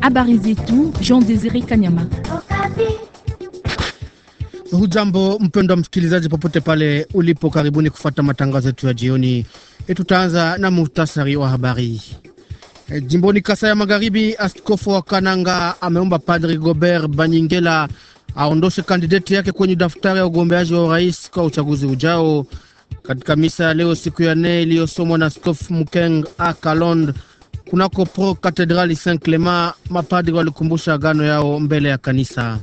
Habari zetu Jean Desire Kanyama. Hujambo mpendwa msikilizaji, popote pale ulipo, karibuni kufuata matangazo yetu ya jioni. E, tutaanza na muhtasari wa habari. E, jimboni Kasa ya Magharibi, askofu wa Kananga ameomba Padri Gobert Banyingela aondoshe kandideti yake kwenye daftari ya ugombeaji wa urais kwa uchaguzi ujao. Katika misa leo siku ya nne iliyosomwa na Askofu Mukeng A kunako pro katedrali Saint Clement, mapadri walikumbusha agano yao mbele ya kanisa.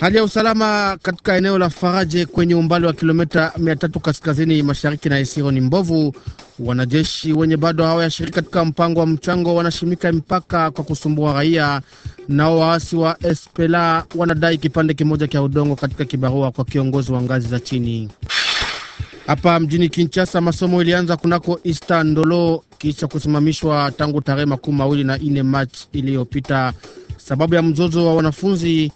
Hali ya usalama katika eneo la Faraje kwenye umbali wa kilomita 300 kaskazini mashariki na Isiro ni mbovu. Wanajeshi wenye bado hawayashiriki katika mpango wa mchango wanashimika mpaka kwa kusumbua raia. Nao waasi wa Espela wanadai kipande kimoja cha udongo katika kibarua kwa kiongozi wa ngazi za chini. Hapa mjini Kinshasa masomo ilianza kunako Istandolo kisha kusimamishwa tangu tarehe makumi mawili na ine Machi iliyopita sababu ya mzozo wa wanafunzi.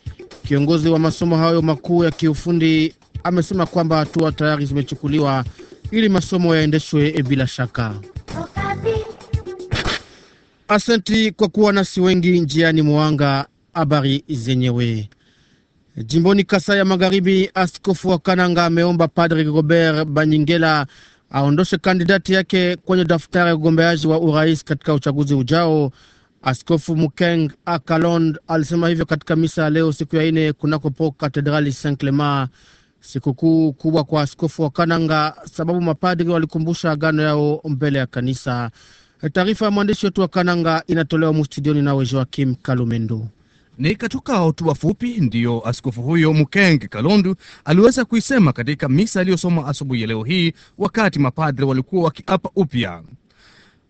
Kiongozi wa masomo hayo makuu ya kiufundi amesema kwamba hatua tayari zimechukuliwa ili masomo yaendeshwe eh, bila shaka. asanti kwa kuwa nasi wengi njiani mwanga. Habari zenyewe Jimboni Kasai ya Magharibi, askofu wa Kananga ameomba Padri Robert Banyingela aondoshe kandidati yake kwenye daftari ya ugombeaji wa urais katika uchaguzi ujao. Askofu Mukeng Akalond alisema hivyo katika misa ya leo siku ya ine kunakopo katedrali Saint Clement, sikukuu kubwa kwa askofu wa Kananga sababu mapadri walikumbusha agano yao mbele ya kanisa. Taarifa ya mwandishi wetu wa Kananga inatolewa mustudioni nawe Joakim Kalumendu. Ni katika hotuba fupi ndiyo askofu huyo Mukeng Kalondu aliweza kuisema katika misa aliyosoma asubuhi ya leo hii, wakati mapadre walikuwa wakiapa upya.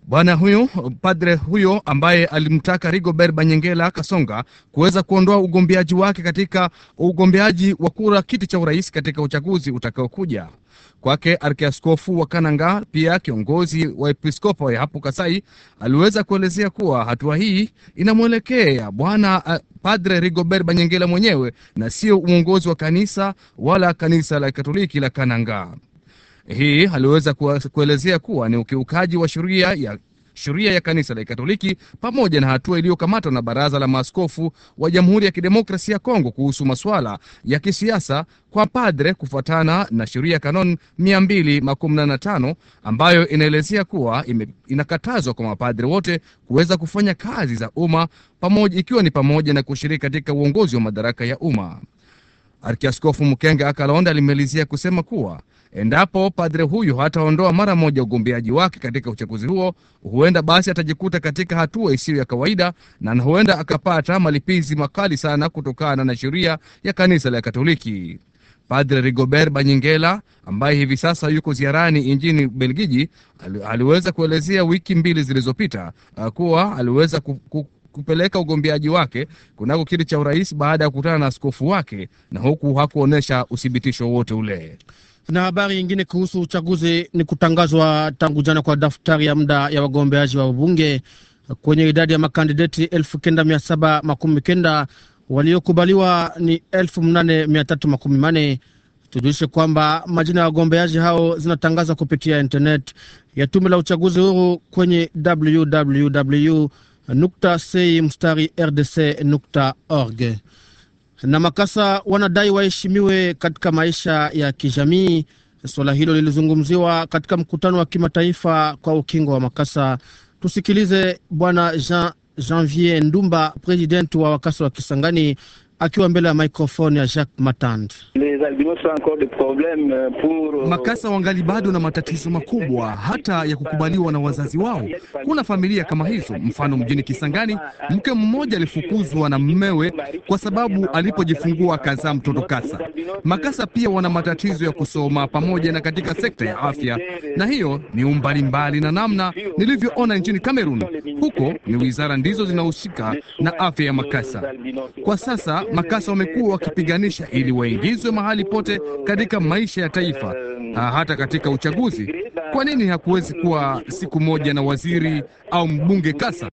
Bwana huyu padre huyo ambaye alimtaka Rigobert Banyengela Kasonga kuweza kuondoa ugombeaji wake katika ugombeaji wa kura kiti cha urais katika uchaguzi utakaokuja. Kwake arkiaskofu wa Kananga, pia kiongozi wa episkopo ya hapo Kasai, aliweza kuelezea kuwa hatua hii inamwelekea bwana eh, padre Rigobert Banyengela mwenyewe na sio uongozi wa kanisa wala kanisa la Katoliki la Kananga. Hii aliweza kuelezea kuwa ni ukiukaji wa sheria ya sheria ya kanisa la Katoliki pamoja na hatua iliyokamatwa na baraza la maaskofu wa Jamhuri ya Kidemokrasia ya Kongo kuhusu masuala ya kisiasa kwa padre kufuatana na sheria kanon 215 ambayo inaelezea kuwa ime, inakatazwa kwa mapadre wote kuweza kufanya kazi za umma pamoja, ikiwa ni pamoja na kushiriki katika uongozi wa madaraka ya umma. Arkiaskofu Mkenge Akalonda limeelezea kusema kuwa endapo padre huyu hataondoa mara moja ugombeaji wake katika uchaguzi huo, huenda basi atajikuta katika hatua isiyo ya kawaida na huenda akapata malipizi makali sana kutokana na sheria ya kanisa la Katoliki. Padre Rigobert banyingela ambaye hivi sasa yuko ziarani nchini Belgiji aliweza kuelezea wiki mbili zilizopita uh, kuwa aliweza kupeleka ugombeaji wake kunako kiti cha urais baada ya kukutana na askofu wake, na huku hakuonyesha uthibitisho wote ule. Na habari nyingine kuhusu uchaguzi ni kutangazwa tangu jana kwa daftari ya muda ya wagombeaji wa ubunge kwenye idadi ya makandideti elfu kenda mia saba makumi kenda waliokubaliwa ni elfu mnane mia tatu makumi mane. Tujulishe kwamba majina ya wagombeaji hao zinatangazwa kupitia internet ya tume la uchaguzi huru kwenye www nukta c mstari rdc nukta org. Na makasa wanadai waheshimiwe katika maisha ya kijamii. Suala hilo lilizungumziwa katika mkutano wa kimataifa kwa ukingo wa makasa. Tusikilize bwana Jean Janvier Ndumba, president wa wakasa wa Kisangani, akiwa mbele ya microphone ya Jacques Matand les sont encore des problèmes pour Makasa. Wangali bado na matatizo makubwa hata ya kukubaliwa na wazazi wao. Kuna familia kama hizo, mfano mjini Kisangani, mke mmoja alifukuzwa na mmewe kwa sababu alipojifungua akazaa mtoto kasa. Makasa pia wana matatizo ya kusoma pamoja na katika sekta ya afya, na hiyo ni umbali mbali na namna nilivyoona nchini Kamerun. Huko ni wizara ndizo zinahusika na afya ya Makasa. Kwa sasa Makasa wamekuwa wakipiganisha ili waingizwe mahali pote katika maisha ya taifa, hata katika uchaguzi. Kwa nini hakuwezi kuwa siku moja na waziri au mbunge kasa?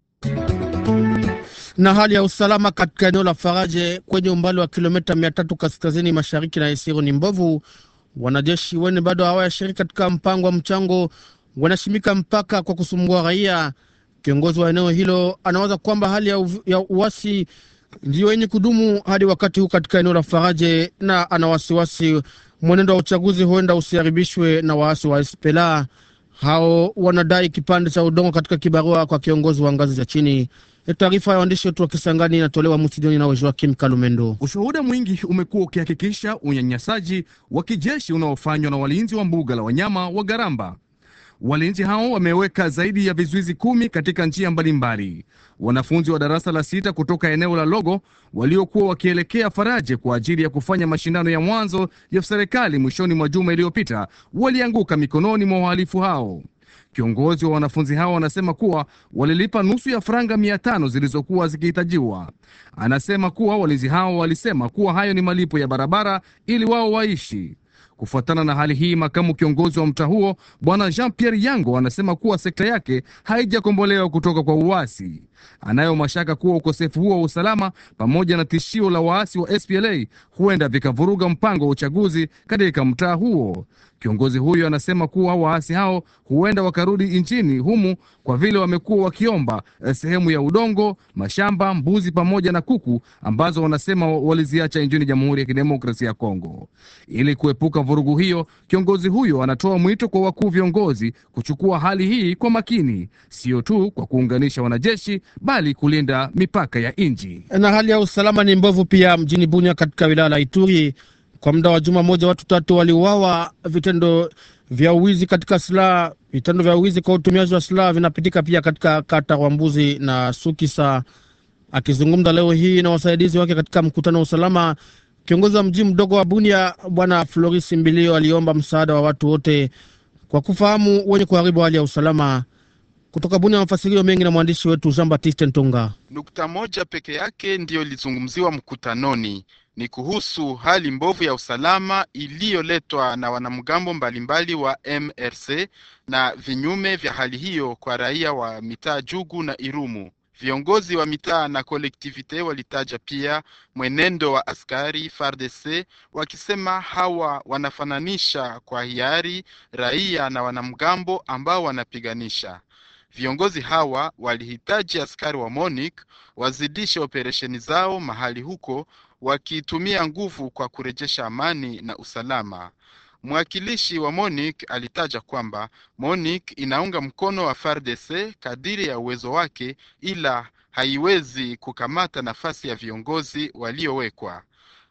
na hali ya usalama katika eneo la Faraje kwenye umbali wa kilomita mia tatu kaskazini mashariki na Isiro ni mbovu. Wanajeshi wene bado hawayashiriki katika mpango wa mchango, wanashimika mpaka kwa kusumbua raia. Kiongozi wa eneo hilo anawaza kwamba hali ya, u, ya uwasi ndiyo yenye kudumu hadi wakati huu katika eneo la Faraje, na ana wasiwasi mwenendo wa uchaguzi huenda usiharibishwe na waasi wa Espela. Hao wanadai kipande cha udongo katika kibarua kwa kiongozi wa ngazi za chini. E, taarifa ya waandishi wetu wa Kisangani inatolewa msijoni na Joakim Kalumendo. Ushuhuda mwingi umekuwa ukihakikisha unyanyasaji wa kijeshi unaofanywa na walinzi wa mbuga la wanyama wa Garamba Walinzi hao wameweka zaidi ya vizuizi kumi katika njia mbalimbali. Wanafunzi wa darasa la sita kutoka eneo la Logo waliokuwa wakielekea Faraje kwa ajili ya kufanya mashindano ya mwanzo ya serikali mwishoni mwa juma iliyopita walianguka mikononi mwa wahalifu hao. Kiongozi wa wanafunzi hao anasema kuwa walilipa nusu ya faranga mia tano zilizokuwa zikihitajiwa. Anasema kuwa walinzi hao walisema kuwa hayo ni malipo ya barabara ili wao waishi. Kufuatana na hali hii, makamu kiongozi wa mtaa huo bwana Jean Pierre Yango anasema kuwa sekta yake haijakombolewa kutoka kwa uasi. Anayo mashaka kuwa ukosefu huo wa usalama pamoja na tishio la waasi wa SPLA huenda vikavuruga mpango wa uchaguzi katika mtaa huo. Kiongozi huyo anasema kuwa waasi hao huenda wakarudi nchini humu kwa vile wamekuwa wakiomba eh, sehemu ya udongo, mashamba, mbuzi pamoja na kuku ambazo wanasema waliziacha nchini Jamhuri ya Kidemokrasia ya Kongo. Ili kuepuka vurugu hiyo, kiongozi huyo anatoa mwito kwa wakuu viongozi kuchukua hali hii kwa makini, sio tu kwa kuunganisha wanajeshi, bali kulinda mipaka ya nchi. Na hali ya usalama ni mbovu pia mjini Bunia katika wilaya la Ituri kwa muda wa juma moja watu tatu waliuawa. Vitendo vya uwizi katika silaha, vitendo vya uwizi kwa utumiaji wa silaha vinapitika pia katika kata wa Mbuzi na Sukisa. Akizungumza leo hii na wasaidizi wake katika mkutano wa usalama, kiongozi wa mji mdogo wa Bunia Bwana Floris Mbilio aliomba msaada wa watu wote kwa kufahamu wenye kuharibu hali ya usalama. Kutoka Bunia, mafasirio mengi na mwandishi wetu Jean Baptiste Ntonga. Nukta moja peke yake ndiyo ilizungumziwa mkutanoni ni kuhusu hali mbovu ya usalama iliyoletwa na wanamgambo mbalimbali wa MRC na vinyume vya hali hiyo kwa raia wa mitaa Jugu na Irumu. Viongozi wa mitaa na kolektivite walitaja pia mwenendo wa askari FARDC wakisema hawa wanafananisha kwa hiari raia na wanamgambo ambao wanapiganisha. Viongozi hawa walihitaji askari wa MONUC wazidishe operesheni zao mahali huko wakitumia nguvu kwa kurejesha amani na usalama. Mwakilishi wa MONUC alitaja kwamba MONUC inaunga mkono wa FARDC kadiri ya uwezo wake, ila haiwezi kukamata nafasi ya viongozi waliowekwa.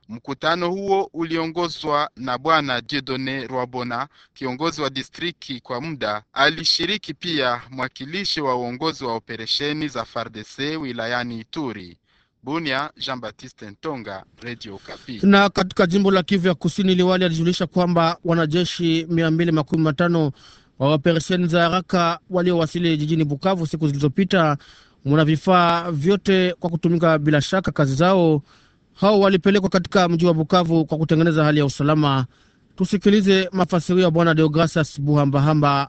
Mkutano huo uliongozwa na Bwana Jedone Rwabona, kiongozi wa distriki kwa muda. Alishiriki pia mwakilishi wa uongozi wa operesheni za FARDC wilayani Ituri. Bunia, Jean-Baptiste Ntonga, Radio Kapi. Na katika jimbo la Kivu ya Kusini, liwali alijulisha kwamba wanajeshi mia mbili makumi matano wa operesheni za haraka waliowasili jijini Bukavu siku zilizopita mna vifaa vyote kwa kutumika bila shaka kazi zao. Hao walipelekwa katika mji wa Bukavu kwa kutengeneza hali ya usalama. Tusikilize mafasirio ya Bwana Deogratias Buhambahamba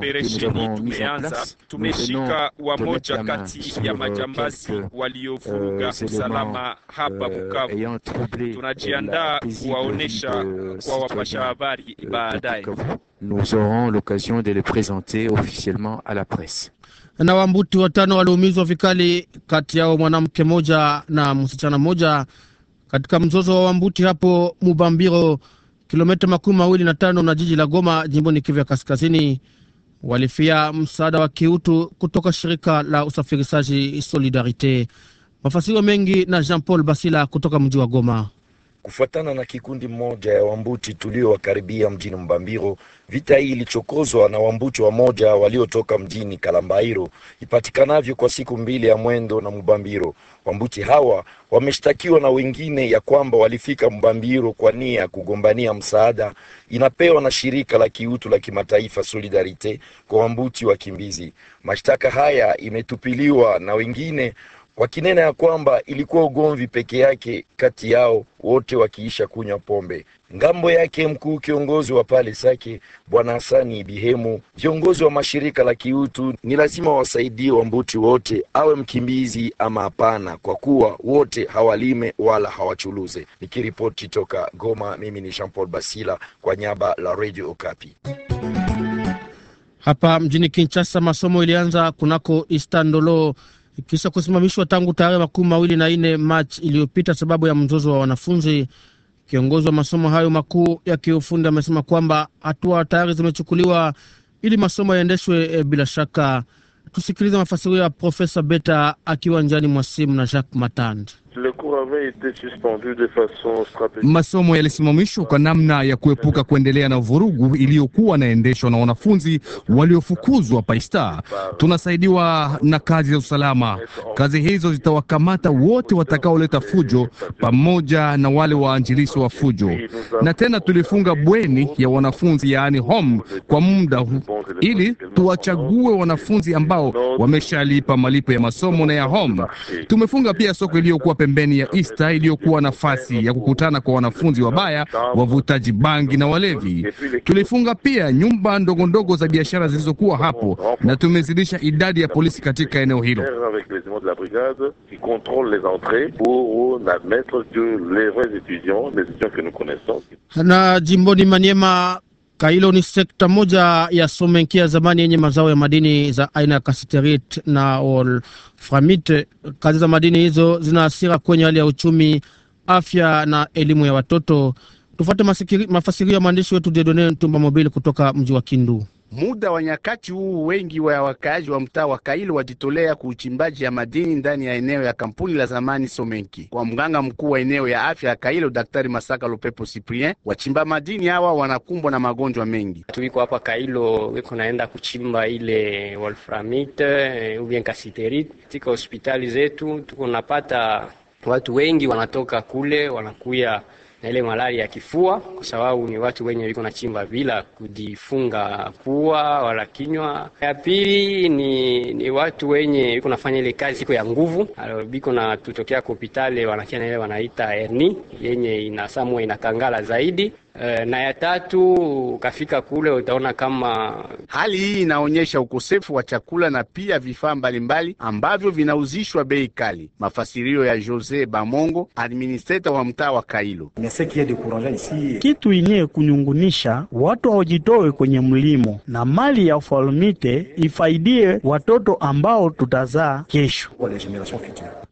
operesheni tumeanza, tumeshika wamoja kati ya majambazi waliovuruga euh, usalama hapa euh, Bukavu. Euh, Tunajiandaa kuwaonesha kwa wapasha habari baadaye. Nous aurons l'occasion de les présenter officiellement à la presse. Na wambuti watano waliumizwa vikali, kati yao mwanamke moja na msichana moja katika mzozo wa wambuti hapo Mubambiro, kilomita makumi mawili na tano na jiji la Goma, jimboni Kivu ya Kaskazini walifia msaada wa kiutu kutoka shirika la usafirishaji Solidarite. mafasirio mengi na Jean Paul Basila kutoka mji wa Goma. Kufuatana na kikundi mmoja ya Wambuti tuliowakaribia mjini Mbambiro, vita hii ilichokozwa na Wambuti wamoja waliotoka mjini Kalambairo ipatikanavyo kwa siku mbili ya mwendo na Mbambiro. Wambuti hawa wameshtakiwa na wengine ya kwamba walifika Mbambiro kwa nia ya kugombania msaada inapewa na shirika la kiutu la kimataifa Solidarite kwa Wambuti wakimbizi. Mashtaka haya imetupiliwa na wengine wakinena ya kwamba ilikuwa ugomvi peke yake kati yao wote, wakiisha kunywa pombe. Ngambo yake mkuu kiongozi wa pale Sake Bwana Hasani Bihemu, viongozi wa mashirika la kiutu ni lazima wasaidie Wambuti wote, awe mkimbizi ama hapana, kwa kuwa wote hawalime wala hawachuluze. Nikiripoti toka Goma, mimi ni Jean Paul Basila kwa nyaba la Radio Okapi. Hapa mjini kinchasa masomo ilianza kunako Istandolo kisha kusimamishwa tangu tarehe makumi mawili na nne Machi iliyopita sababu ya mzozo wa wanafunzi. Kiongozi wa masomo hayo makuu ya kiufundi amesema kwamba hatua tayari zimechukuliwa ili masomo yaendeshwe e, bila shaka. Tusikilize mafasirio ya Profesa Beta akiwa njiani mwa simu na Jacques Matand. Masomo yalisimamishwa kwa namna ya kuepuka kuendelea na vurugu iliyokuwa inaendeshwa na wanafunzi waliofukuzwa Paista. Tunasaidiwa na kazi za usalama. Kazi hizo zitawakamata wote watakaoleta fujo pamoja na wale waanjilisi wa fujo. Na tena tulifunga bweni ya wanafunzi yaani home kwa muda ili tuwachague wanafunzi ambao wameshalipa malipo ya masomo na ya home. Tumefunga pia soko iliyokuwa pembeni ya Ista iliyokuwa nafasi ya kukutana kwa wanafunzi wabaya, wavutaji bangi na walevi. Tulifunga pia nyumba ndogo ndogo za biashara zilizokuwa hapo na tumezidisha idadi ya polisi katika eneo hilo. Na jimboni Maniema Kailo ni sekta moja ya Somenkia zamani yenye mazao ya madini za aina ya kasiterit na wolframite. Kazi za madini hizo zina kwenye hali ya uchumi, afya na elimu ya watoto. Tufuate mafasirio ya mwandishi wetu Dedone Ntumba Mobile kutoka mji wa Kindu muda wa nyakati huu, wengi wa wakaaji wa mtaa wa Kailo wajitolea kuuchimbaji ya madini ndani ya eneo ya kampuni la zamani Somenki. Kwa mganga mkuu wa eneo ya afya ya Kailo, Daktari Masaka lopepo Cyprien, wachimba madini hawa wanakumbwa na magonjwa mengi. Tuiko hapa Kailo weko naenda kuchimba ile wolframite eh, u kasiterite katika hospitali zetu, tuko napata watu wengi wanatoka kule wanakuya na ile malaria ya kifua, kwa sababu ni watu wenye wiko na chimba bila kujifunga pua wala kinywa. Ya pili ni, ni watu wenye wiko nafanya ile kazi siku ya nguvu biko na tutokea hospitali wanakia na ile wanaita erni yenye ina samwa inakangala zaidi Eh, na ya tatu ukafika kule utaona kama hali hii inaonyesha ukosefu wa chakula na pia vifaa mbalimbali ambavyo vinauzishwa bei kali. Mafasirio ya Jose Bamongo, administrator wa mtaa wa Kailo. Kitu inye kunyungunisha watu hawajitoe kwenye mlimo na mali ya ufalumite ifaidie watoto ambao tutazaa kesho.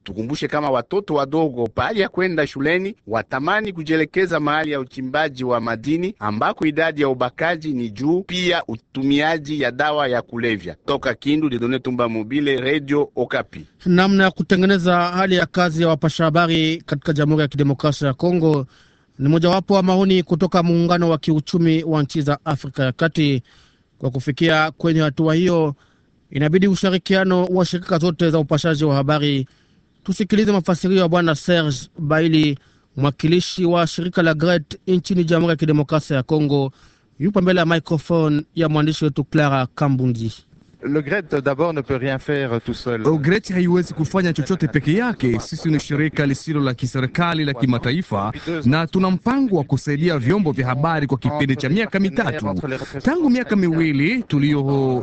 Tukumbushe kama watoto wadogo pahali ya kwenda shuleni watamani kujielekeza mahali ya uchimbaji wa madini ambako idadi ya ubakaji ni juu, pia utumiaji ya dawa ya kulevya. Toka Kindu, Didone Tumba Mobile, Radio Okapi. Namna ya kutengeneza hali ya kazi ya wapasha habari katika Jamhuri ya Kidemokrasia ya Kongo ni mojawapo wa maoni kutoka muungano wa kiuchumi wa nchi za Afrika ya Kati. Kwa kufikia kwenye hatua hiyo, inabidi ushirikiano wa shirika zote za upashaji wa habari Tusikilize mafasirio ya Bwana Serge Baili, mwakilishi wa shirika la GRET nchini Jamhuri ya Kidemokrasia ya Kongo. Yupo mbele ya microphone ya mwandishi wetu Clara Kambungi. Le Gret d'abord ne peut rien faire euh, tout seul. Ugreti haiwezi kufanya chochote peke yake. Sisi ni shirika lisilo la kiserikali la kimataifa, na tuna mpango wa kusaidia vyombo vya habari kwa kipindi cha miaka mitatu. Tangu miaka miwili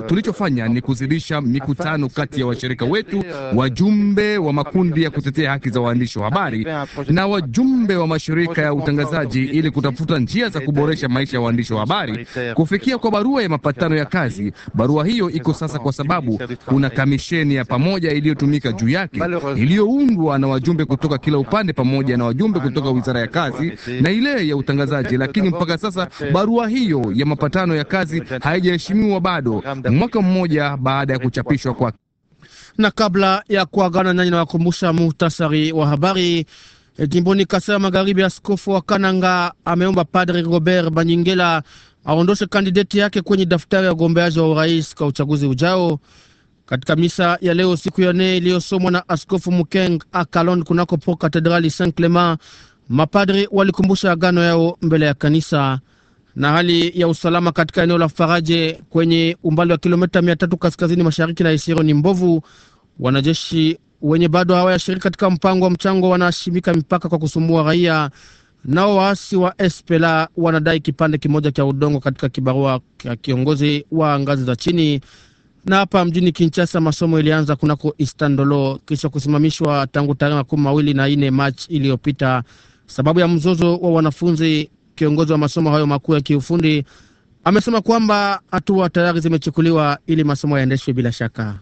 tulichofanya ni kuzidisha mikutano kati ya washirika wetu, euh, wajumbe wa makundi ya kutetea haki za waandishi wa habari na wajumbe wa mashirika ya utangazaji, ili kutafuta njia za kuboresha maisha ya waandishi wa habari, kufikia kwa barua ya mapatano ya kazi. Barua hiyo iko sasa kwa sababu kuna kamisheni ya pamoja iliyotumika juu yake iliyoundwa na wajumbe kutoka kila upande pamoja na wajumbe ah, kutoka wizara ya kazi na ile ya utangazaji, lakini mpaka sasa barua hiyo ya mapatano ya kazi haijaheshimiwa bado, mwaka mmoja baada ya kuchapishwa kwake. Na kabla ya kuagana nanyi, nawakumbusha muhtasari wa habari. Eh, jimboni Kasai Magharibi, askofu wa Kananga ameomba Padre Robert Banyingela aondoshe kandideti yake kwenye daftari ya ugombeaji wa urais kwa uchaguzi ujao. Katika misa ya leo siku ya nne iliyosomwa na askofu Mukeng Akalon kunako po katedrali Saint Clement, mapadri walikumbusha agano yao mbele ya kanisa. Na hali ya usalama katika eneo la Faraje kwenye umbali wa kilomita mia tatu kaskazini mashariki na Isiro ni mbovu. Wanajeshi wenye bado hawayashiriki katika mpango wa mchango wanashimika mipaka kwa kusumbua raia. Nao waasi wa Espela wanadai kipande kimoja cha udongo katika kibarua cha kiongozi wa ngazi za chini. Na hapa mjini Kinshasa, masomo ilianza kunako Istandolo kisha kusimamishwa tangu tarehe makumi mawili na ine Machi iliyopita, sababu ya mzozo wa wanafunzi. Kiongozi wa masomo hayo makuu ya kiufundi amesema kwamba hatua tayari zimechukuliwa ili masomo yaendeshwe bila shaka.